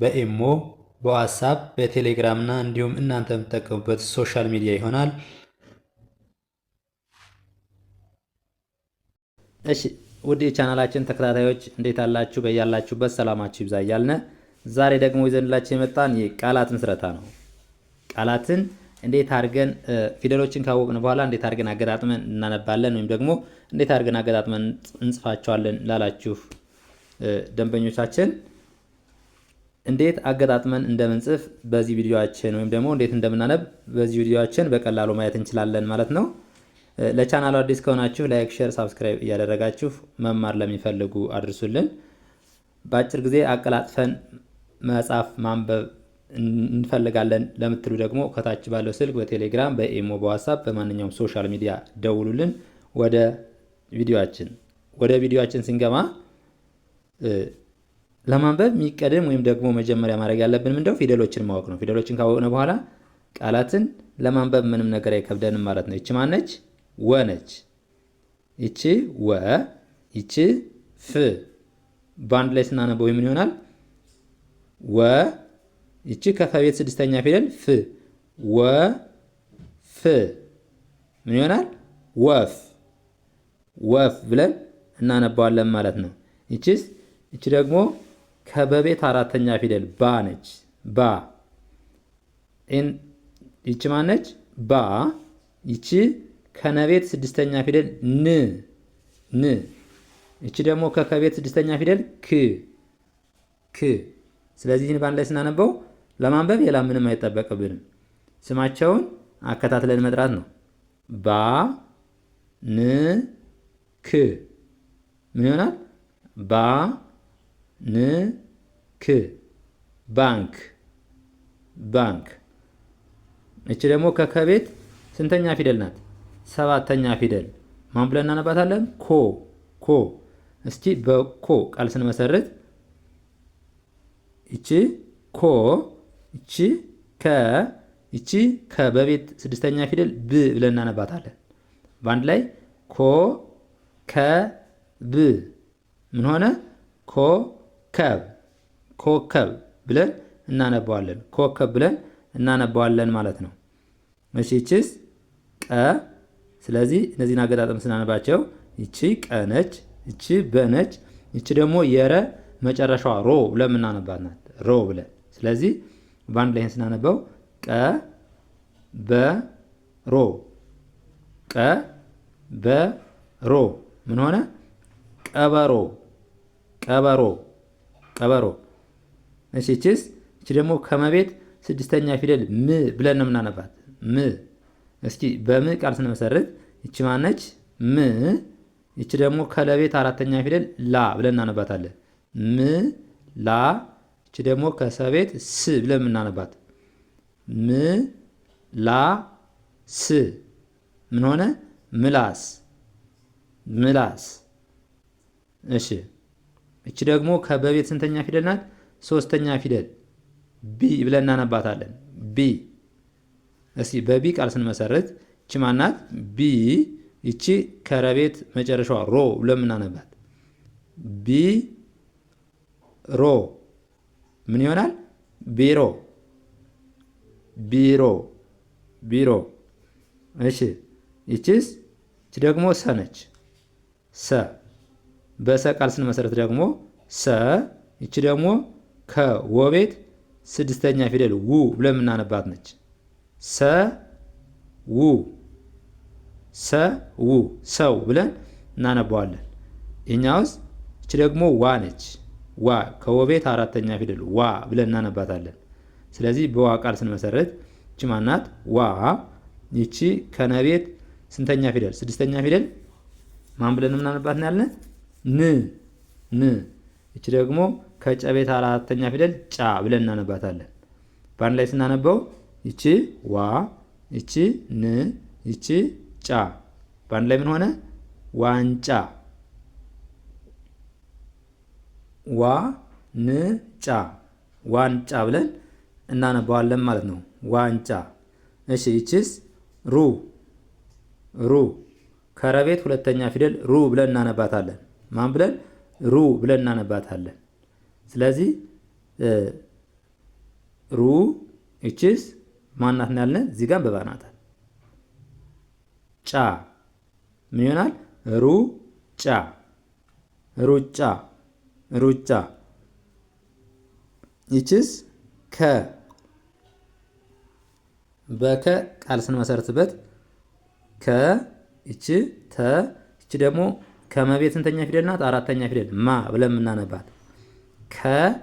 በኤሞ በዋትሳፕ በቴሌግራም እና እንዲሁም እናንተ የምትጠቀሙበት ሶሻል ሚዲያ ይሆናል። እሺ ውድ የቻናላችን ተከታታዮች እንዴት አላችሁ? በያላችሁበት ሰላማችሁ ይብዛ እያልን ዛሬ ደግሞ ይዘንላችሁ የመጣን የቃላት ምስረታ ነው። ቃላትን እንዴት አድርገን ፊደሎችን ካወቅን በኋላ እንዴት አድርገን አገጣጥመን እናነባለን ወይም ደግሞ እንዴት አድርገን አገጣጥመን እንጽፋቸዋለን ላላችሁ ደንበኞቻችን እንዴት አገጣጥመን እንደምንጽፍ በዚህ ቪዲዮአችን ወይም ደግሞ እንዴት እንደምናነብ በዚህ ቪዲዮአችን በቀላሉ ማየት እንችላለን ማለት ነው። ለቻናሉ አዲስ ከሆናችሁ ላይክ፣ ሼር፣ ሳብስክራይብ እያደረጋችሁ መማር ለሚፈልጉ አድርሱልን። በአጭር ጊዜ አቀላጥፈን መጻፍ ማንበብ እንፈልጋለን ለምትሉ ደግሞ ከታች ባለው ስልክ በቴሌግራም በኢሞ በዋትሳፕ በማንኛውም ሶሻል ሚዲያ ደውሉልን። ወደ ቪዲዮአችን ወደ ቪዲዮአችን ስንገባ ለማንበብ የሚቀደም ወይም ደግሞ መጀመሪያ ማድረግ ያለብን ምንድነው? ፊደሎችን ማወቅ ነው። ፊደሎችን ካወቅነ በኋላ ቃላትን ለማንበብ ምንም ነገር አይከብደንም ማለት ነው። ይቺ ማነች? ወ ነች። ይቺ ወ፣ ይቺ ፍ። በአንድ ላይ ስናነበው ምን ይሆናል? ወ፣ ይቺ ከፈቤት ስድስተኛ ፊደል ፍ፣ ወ ፍ። ምን ይሆናል? ወፍ፣ ወፍ ብለን እናነባዋለን ማለት ነው። ይቺስ? ይቺ ደግሞ ከበቤት አራተኛ ፊደል ባ ነች። ባ ይቺ ማነች? ባ ይቺ ከነቤት ስድስተኛ ፊደል ን ን ይቺ ደግሞ ከከቤት ስድስተኛ ፊደል ክ ክ። ስለዚህ ይህን በአንድ ላይ ስናነበው ለማንበብ ሌላ ምንም አይጠበቅብንም። ስማቸውን አከታትለን መጥራት ነው። ባ ን ክ ምን ይሆናል? ባ ን ክ ባንክ ባንክ። እቺ ደግሞ ከከቤት ስንተኛ ፊደል ናት? ሰባተኛ ፊደል ማን ብለን እናነባታለን? ኮ ኮ። እስቲ በኮ ቃል ስንመሰርት እቺ ኮ፣ እቺ ከ፣ እቺ ከ በቤት ስድስተኛ ፊደል ብ ብለን እናነባታለን። በአንድ ላይ ኮ ከ ብ ምን ሆነ? ኮ ከብ ኮከብ ብለን እናነባዋለን። ኮከብ ብለን እናነባዋለን ማለት ነው። እሺ ይቺስ ቀ። ስለዚህ እነዚህን አገጣጠም ስናነባቸው ይቺ ቀ ነች፣ ይቺ በነች፣ ይቺ ደግሞ የረ መጨረሻዋ ሮ ብለን የምናነባት ናት። ሮ ብለን ስለዚህ በአንድ ላይ ስናነበው ቀ በሮ ቀ በሮ ምን ሆነ? ቀበሮ ቀበሮ ቀበሮ እሺ እቺ ደግሞ ከመቤት ስድስተኛ ፊደል ም ብለን ነው የምናነባት። ም እስኪ በም ቃል ስንመሰርት እቺ ማነች? ም እቺ ደግሞ ከለቤት አራተኛ ፊደል ላ ብለን እናነባታለን። ም ላ እቺ ደግሞ ከሰቤት ስ ብለን የምናነባት ም ላ ስ ምን ሆነ? ምላስ ምላስ። እሺ እቺ ደግሞ ከበቤት ስንተኛ ፊደል ናት? ሶስተኛ ፊደል ቢ ብለን እናነባታለን። ቢ እስቲ በቢ ቃል ስንመሰርት ይቺ ማናት? ቢ ይቺ ከረቤት መጨረሻዋ ሮ ብለን የምናነባት ቢ ሮ ምን ይሆናል? ቢሮ ቢሮ ቢሮ። እሺ ይቺስ ይቺ ደግሞ ሰ ነች። ሰ በሰ ቃል ስንመሰረት ደግሞ ሰ ይቺ ደግሞ ከወቤት ስድስተኛ ፊደል ው ብለን የምናነባት ነች። ሰ ው ሰ ው ሰው ብለን እናነባዋለን። እኛ ውስጥ እች ደግሞ ዋ ነች። ዋ ከወቤት አራተኛ ፊደል ዋ ብለን እናነባታለን። ስለዚህ በዋ ቃል ስንመሰረት እቺ ማናት? ዋ። ይቺ ከነቤት ስንተኛ ፊደል? ስድስተኛ ፊደል ማን ብለን የምናነባት ነው ያለን? ን ን። ይቺ ደግሞ ከጨቤት አራተኛ ፊደል ጫ ብለን እናነባታለን። በአንድ ላይ ስናነበው ይቺ ዋ፣ ይቺ ን፣ ይቺ ጫ በአንድ ላይ ምን ሆነ? ዋንጫ። ዋ ን ጫ ዋንጫ ብለን እናነባዋለን ማለት ነው። ዋንጫ። እሺ ይቺስ ሩ ሩ ከረቤት ሁለተኛ ፊደል ሩ ብለን እናነባታለን። ማን ብለን? ሩ ብለን እናነባታለን። ስለዚህ ሩ እችስ ማናት ነው ያለን? እዚህ ጋር አንብባ ናታል። ጫ ምን ይሆናል? ሩ ጫ ሩጫ ሩጫ። ይችስ ከ በከ ቃል ስንመሰርትበት ከ እች ተ እች ደግሞ ከመቤት ስንተኛ ፊደል ናት? አራተኛ ፊደል ማ ብለን የምናነባት ከተማ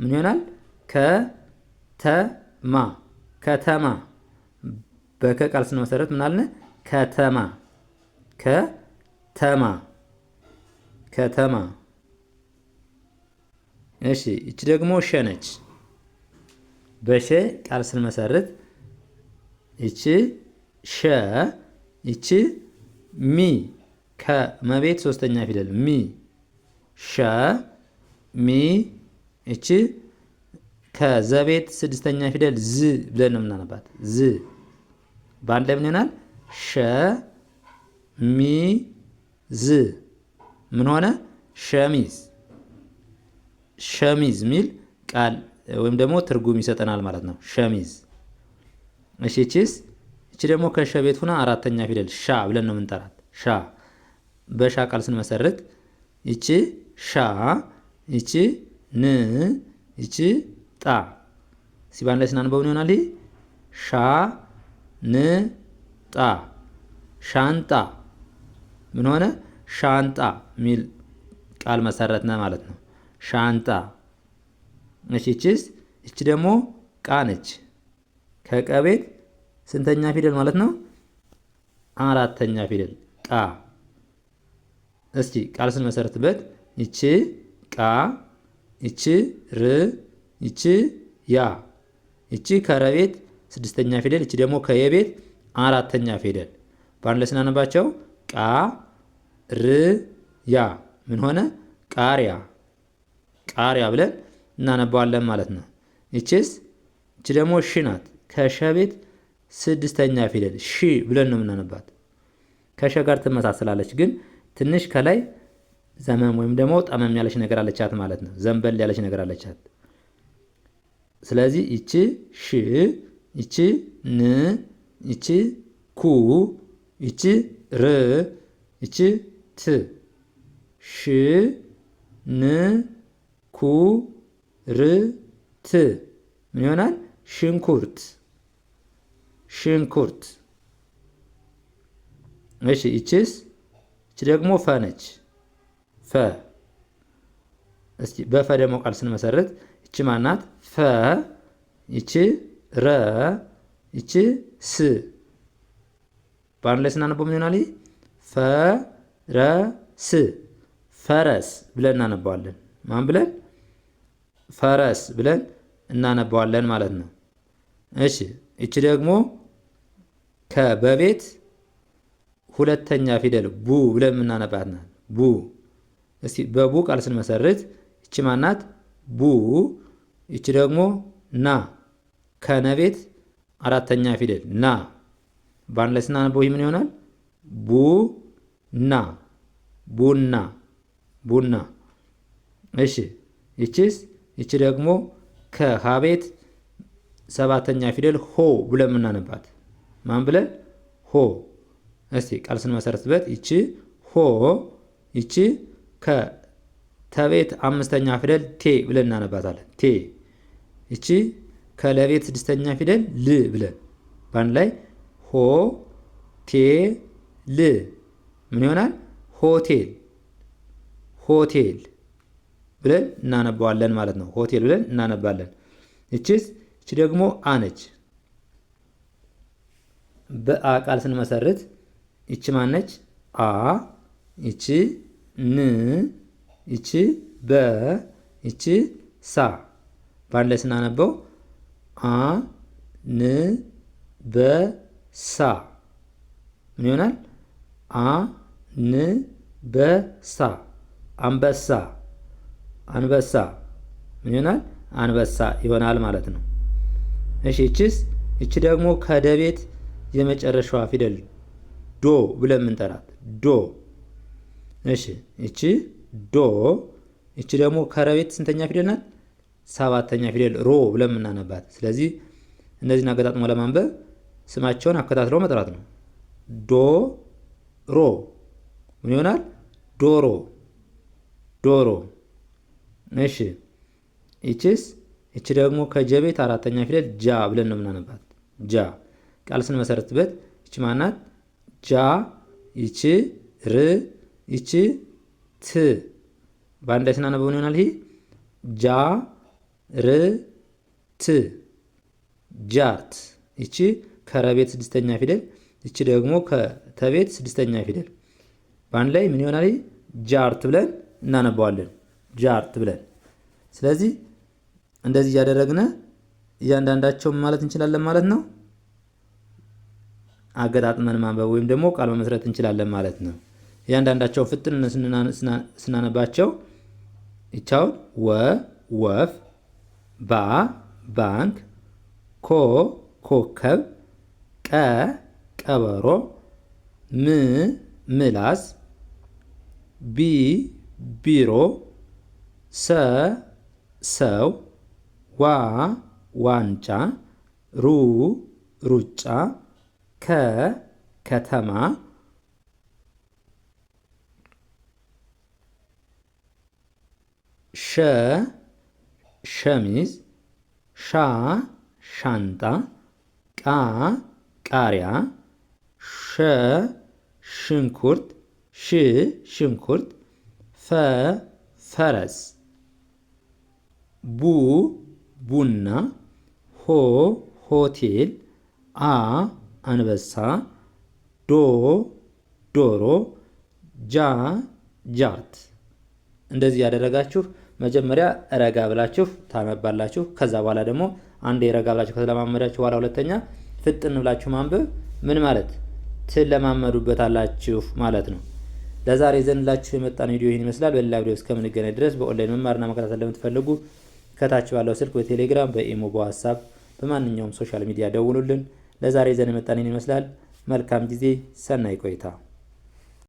ምን ይሆናል? ከተማ ከተማ በከ ቃል ስንመሰረት ምን አልን? ከተማ ከተማ ከተማ። እሺ እቺ ደግሞ ሸ ነች። በሸ ቃል ስንመሰርት እቺ ሸ እቺ ሚ ከመቤት ሶስተኛ ፊደል ሚ ሸ ሚ እቺ ከዘቤት ስድስተኛ ፊደል ዝ ብለን ነው የምናነባት። ዝ በአንድ ላይ ምን ይሆናል? ሸ ሚ ዝ ምን ሆነ? ሸሚዝ ሸሚዝ ሚል ቃል ወይም ደግሞ ትርጉም ይሰጠናል ማለት ነው። ሸሚዝ እሺ። እቺስ እቺ ደግሞ ከሸቤት ሁና አራተኛ ፊደል ሻ ብለን ነው የምንጠራት ሻ በሻ ቃል ስንመሰረት ይቺ ሻ ይቺ ን ይቺ ጣ ሲባን ላይ ስናንበውን ይሆናል። ይህ ሻ ን ጣ ሻንጣ ምን ሆነ? ሻንጣ የሚል ቃል መሰረትነ ማለት ነው። ሻንጣ እሺ። ይቺስ ይቺ ደግሞ ቃ ነች። ከቀቤት ስንተኛ ፊደል ማለት ነው? አራተኛ ፊደል ቃ እስቲ ቃል ስንመሰርትበት ይቺ ቃ ይቺ ር ይቺ ያ ይቺ ከረቤት ስድስተኛ ፊደል ይቺ ደግሞ ከየቤት አራተኛ ፊደል በአንድ ላይ ስናነባቸው ቃ ር ያ ምን ሆነ? ቃሪያ ቃሪያ ብለን እናነባዋለን ማለት ነው። ይቺስ ይቺ ደግሞ ሺ ናት። ከሸ ቤት ስድስተኛ ፊደል ሺ ብለን ነው የምናነባት። ከሸ ጋር ትመሳሰላለች ግን ትንሽ ከላይ ዘመም ወይም ደግሞ ጠመም ያለች ነገር አለቻት ማለት ነው። ዘንበል ያለች ነገር አለቻት። ስለዚህ ይቺ ሽ፣ ይቺ ን፣ ይቺ ኩ፣ ይቺ ር፣ ይቺ ት። ሽ፣ ን፣ ኩ፣ ር፣ ት ምን ይሆናል? ሽንኩርት ሽንኩርት። እሺ ይቺስ እች ደግሞ ፈ ነች። ፈ እስቲ በፈ ደግሞ ቃል ስንመሰረት እች ማናት? ፈ እች ረ እች ስ በአንድ ላይ ስናነበው ምን ይሆናል? ፈ ረ ስ ፈረስ ብለን እናነባዋለን። ማን ብለን? ፈረስ ብለን እናነባዋለን ማለት ነው። እሺ እች ደግሞ ከበቤት ሁለተኛ ፊደል ቡ ብለን የምናነባት ናት። ቡ እስቲ በቡ ቃል ስንመሰርት ይቺ ማናት? ቡ። ይቺ ደግሞ ና። ከነቤት አራተኛ ፊደል ና። በአንድ ላይ ስናነበው ምን ይሆናል? ቡ ና፣ ቡና፣ ቡና። እሺ ይቺስ? ይቺ ደግሞ ከሀቤት ሰባተኛ ፊደል ሆ ብለን የምናነባት ማን ብለን ሆ እስቲ ቃል ስንመሰረትበት ይቺ ሆ ይቺ ከተቤት አምስተኛ ፊደል ቴ ብለን እናነባታለን። ቴ ይቺ ከለቤት ስድስተኛ ፊደል ል ብለን በአንድ ላይ ሆ ቴ ል ምን ይሆናል? ሆቴል ሆቴል ብለን እናነባዋለን ማለት ነው። ሆቴል ብለን እናነባለን። ይቺስ ይቺ ደግሞ አነች በአ ቃል ስንመሰርት ይቺ ማነች? አ ይቺ ን ይቺ በ ይቺ ሳ ባለ ስናነበው አ ን በ ሳ ምን ይሆናል? አ ን በ ሳ አንበሳ አንበሳ ምን ይሆናል? አንበሳ ይሆናል ማለት ነው። እሺ ይቺስ? ይቺ ደግሞ ከደቤት የመጨረሻዋ ፊደል ዶ ብለን የምንጠራት ዶ። እሺ እቺ ዶ እቺ ደግሞ ከረቤት ስንተኛ ፊደል ናት? ሰባተኛ ፊደል ሮ ብለን የምናነባት። ስለዚህ እነዚህን አገጣጥሞ ለማንበብ ስማቸውን አከታትለው መጥራት ነው። ዶ ሮ ምን ይሆናል? ዶሮ ዶሮ። እሺ ይቺስ? ይቺ ደግሞ ከጀቤት አራተኛ ፊደል ጃ ብለን ነው የምናነባት። ጃ ቃል ስንመሰረትበት ይቺ ማናት? ጃ ይቺ ር ይቺ ት በአንድ ላይ ስናነበውን ይሆናል። ይሄ ጃ ር ት ጃርት። ይቺ ከረቤት ስድስተኛ ፊደል፣ ይቺ ደግሞ ከተቤት ስድስተኛ ፊደል። በአንድ ላይ ምን ይሆናል? ጃርት ብለን እናነባዋለን። ጃርት ብለን ስለዚህ እንደዚህ እያደረግነ እያንዳንዳቸውን ማለት እንችላለን ማለት ነው። አገጣጥመን ማንበብ ወይም ደግሞ ቃል መመስረት እንችላለን ማለት ነው። እያንዳንዳቸው ፍጥን ስናነባቸው ይቻውን ወ ወፍ፣ ባ ባንክ፣ ኮ ኮከብ፣ ቀ ቀበሮ፣ ም ምላስ፣ ቢ ቢሮ፣ ሰ ሰው፣ ዋ ዋንጫ፣ ሩ ሩጫ ከከተማ ሸ ሸሚዝ ሻ ሻንጣ ቃ ቃሪያ ሸ ሽንኩርት ሽ ሽንኩርት ፈ ፈረስ ቡ ቡና ሆ ሆቴል አ አንበሳ፣ ዶ ዶሮ፣ ጃ ጃት። እንደዚህ ያደረጋችሁ መጀመሪያ ረጋ ብላችሁ ታነባላችሁ። ከዛ በኋላ ደግሞ አንዴ ረጋ ብላችሁ ከተለማመዳችሁ በኋላ ሁለተኛ ፍጥን ብላችሁ ማንበብ ምን ማለት ትለማመዱበታላችሁ ማለት ነው። ለዛሬ ዘንላችሁ የመጣን ቪዲዮ ይህን ይመስላል። በሌላ ቪዲዮ እስከምንገናኝ ድረስ በኦንላይን መማርና መከታተል ለምትፈልጉ ከታች ባለው ስልክ በቴሌግራም በኢሞ በዋትሳፕ በማንኛውም ሶሻል ሚዲያ ደውሉልን። ለዛሬ ዘን የመጣን ይመስላል። መልካም ጊዜ፣ ሰናይ ቆይታ